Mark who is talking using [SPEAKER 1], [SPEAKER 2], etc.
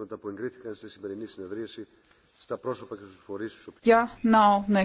[SPEAKER 1] ζητήματα που εγκρίθηκαν στη σημερινή συνεδρίαση στα πρόσωπα και στους φορείς στους
[SPEAKER 2] οποίους... Ja, nav